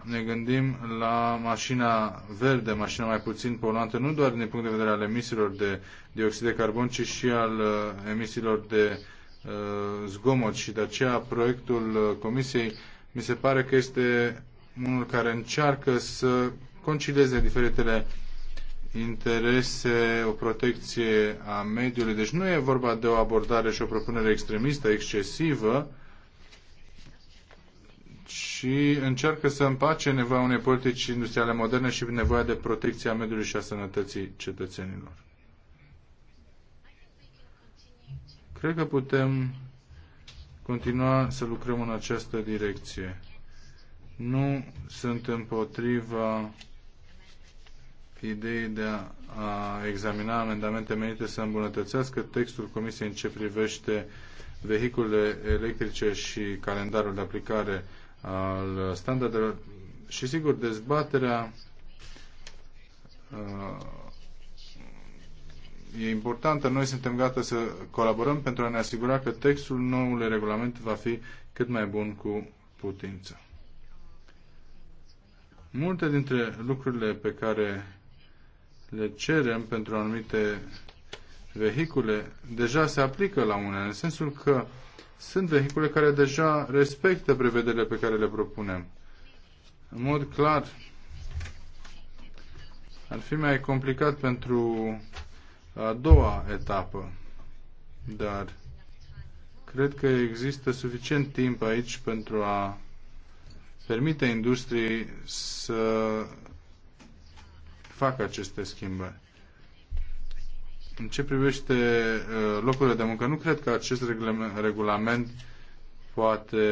ne gândim la mașina verde, mașina mai puțin poluantă, nu doar din punct de vedere al emisiilor de dioxid de carbon, ci și al uh, emisiilor de uh, zgomot și de aceea proiectul uh, Comisiei mi se pare că este unul care încearcă să concilieze diferitele interese, o protecție a mediului. Deci nu e vorba de o abordare și o propunere extremistă, excesivă, și încearcă să împace nevoia unei politici industriale moderne și nevoia de protecție a mediului și a sănătății cetățenilor. Cred că putem continua să lucrăm în această direcție. Nu sunt împotriva ideii de a, a examina amendamente menite să îmbunătățească textul Comisiei în ce privește vehiculele electrice și calendarul de aplicare al standardelor. Și sigur, dezbaterea uh, e importantă. Noi suntem gata să colaborăm pentru a ne asigura că textul noului regulament va fi cât mai bun cu putință. Multe dintre lucrurile pe care le cerem pentru anumite vehicule deja se aplică la unele, în sensul că sunt vehicule care deja respectă prevederile pe care le propunem. În mod clar, ar fi mai complicat pentru a doua etapă, dar cred că există suficient timp aici pentru a permite industriei să facă aceste schimbări. În ce privește uh, locurile de muncă, nu cred că acest regulament poate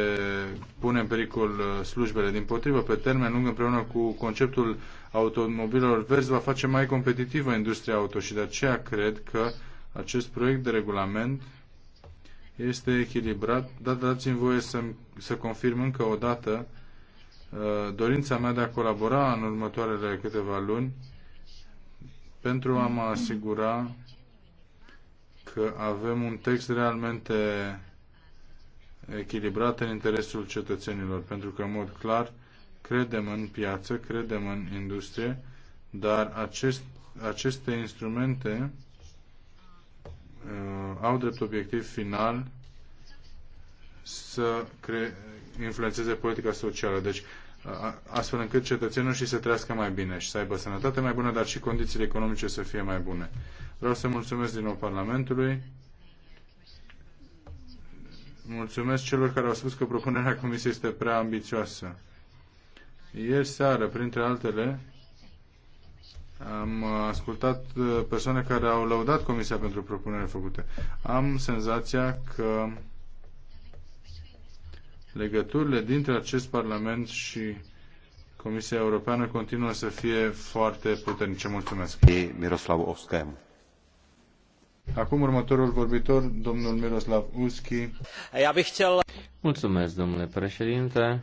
pune în pericol uh, slujbele. Din potrivă, pe termen lung, împreună cu conceptul automobilelor verzi, va face mai competitivă industria auto și de aceea cred că acest proiect de regulament este echilibrat. Dar dați-mi voie să, să confirm încă o dată uh, dorința mea de a colabora în următoarele câteva luni pentru a mă asigura că avem un text realmente echilibrat în interesul cetățenilor, pentru că, în mod clar, credem în piață, credem în industrie, dar acest, aceste instrumente uh, au drept obiectiv final să cre- influențeze politica socială. Deci, astfel încât cetățenul și să trăiască mai bine și să aibă sănătate mai bună, dar și condițiile economice să fie mai bune. Vreau să mulțumesc din nou Parlamentului. Mulțumesc celor care au spus că propunerea Comisiei este prea ambițioasă. Ieri seară, printre altele, am ascultat uh, persoane care au laudat Comisia pentru propunerea făcute. Am senzația că legăturile dintre acest Parlament și Comisia Europeană continuă să fie foarte puternice. Mulțumesc. Miroslav Oskem. Acum următorul vorbitor, domnul Miroslav Uschi. Mulțumesc, domnule președinte.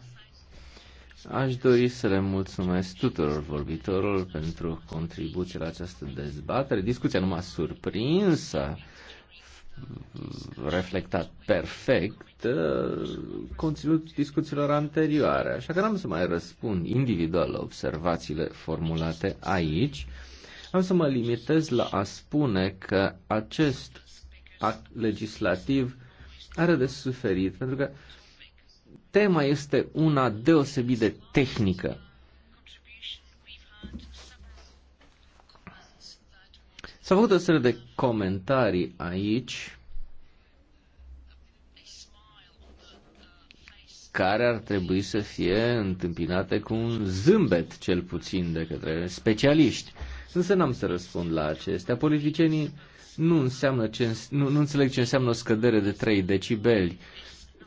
Aș dori să le mulțumesc tuturor vorbitorilor pentru contribuție la această dezbatere. Discuția nu m-a surprins, a reflectat perfect uh, conținutul discuțiilor anterioare, așa că n-am să mai răspund individual la observațiile formulate aici. Am să mă limitez la a spune că acest act legislativ are de suferit, pentru că tema este una deosebit de tehnică. S-au făcut o serie de comentarii aici care ar trebui să fie întâmpinate cu un zâmbet, cel puțin, de către specialiști. Însă n-am să răspund la acestea. Politicienii nu, înseamnă ce, nu, nu înțeleg ce înseamnă o scădere de 3 decibeli.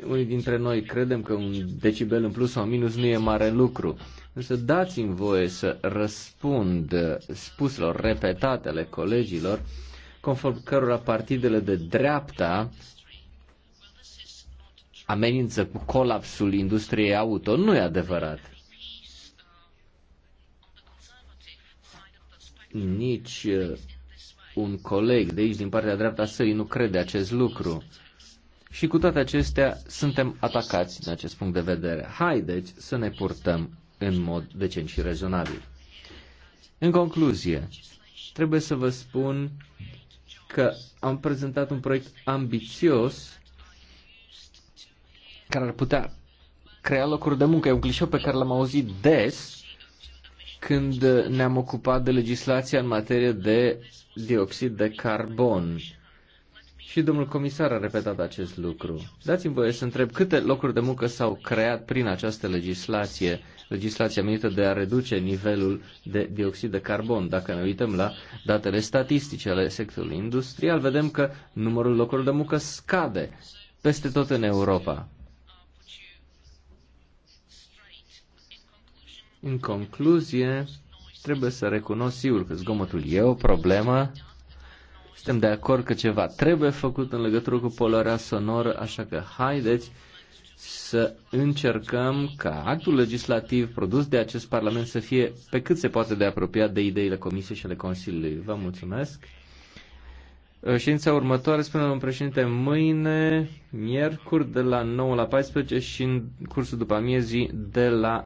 Unii dintre noi credem că un decibel în plus sau minus nu e mare lucru. Însă dați-mi voie să răspund spuselor repetate ale colegilor, conform cărora partidele de dreapta amenință cu colapsul industriei auto. Nu e adevărat. nici uh, un coleg de aici, din partea dreapta sării, nu crede acest lucru. Și cu toate acestea, suntem atacați din acest punct de vedere. Haideți să ne purtăm în mod decent și rezonabil. În concluzie, trebuie să vă spun că am prezentat un proiect ambițios care ar putea crea locuri de muncă. E un clișeu pe care l-am auzit des, când ne-am ocupat de legislația în materie de dioxid de carbon. Și domnul comisar a repetat acest lucru. Dați-mi voie să întreb câte locuri de muncă s-au creat prin această legislație, legislația menită de a reduce nivelul de dioxid de carbon. Dacă ne uităm la datele statistice ale sectorului industrial, vedem că numărul locurilor de muncă scade peste tot în Europa. În concluzie, trebuie să recunosc sigur că zgomotul e o problemă. Suntem de acord că ceva trebuie făcut în legătură cu poluarea sonoră, așa că haideți să încercăm ca actul legislativ produs de acest Parlament să fie pe cât se poate de apropiat de ideile Comisiei și ale Consiliului. Vă mulțumesc! Uh, ședința următoare, spune domnul președinte, mâine, miercuri, de la 9 la 14 și în cursul după amiezii de la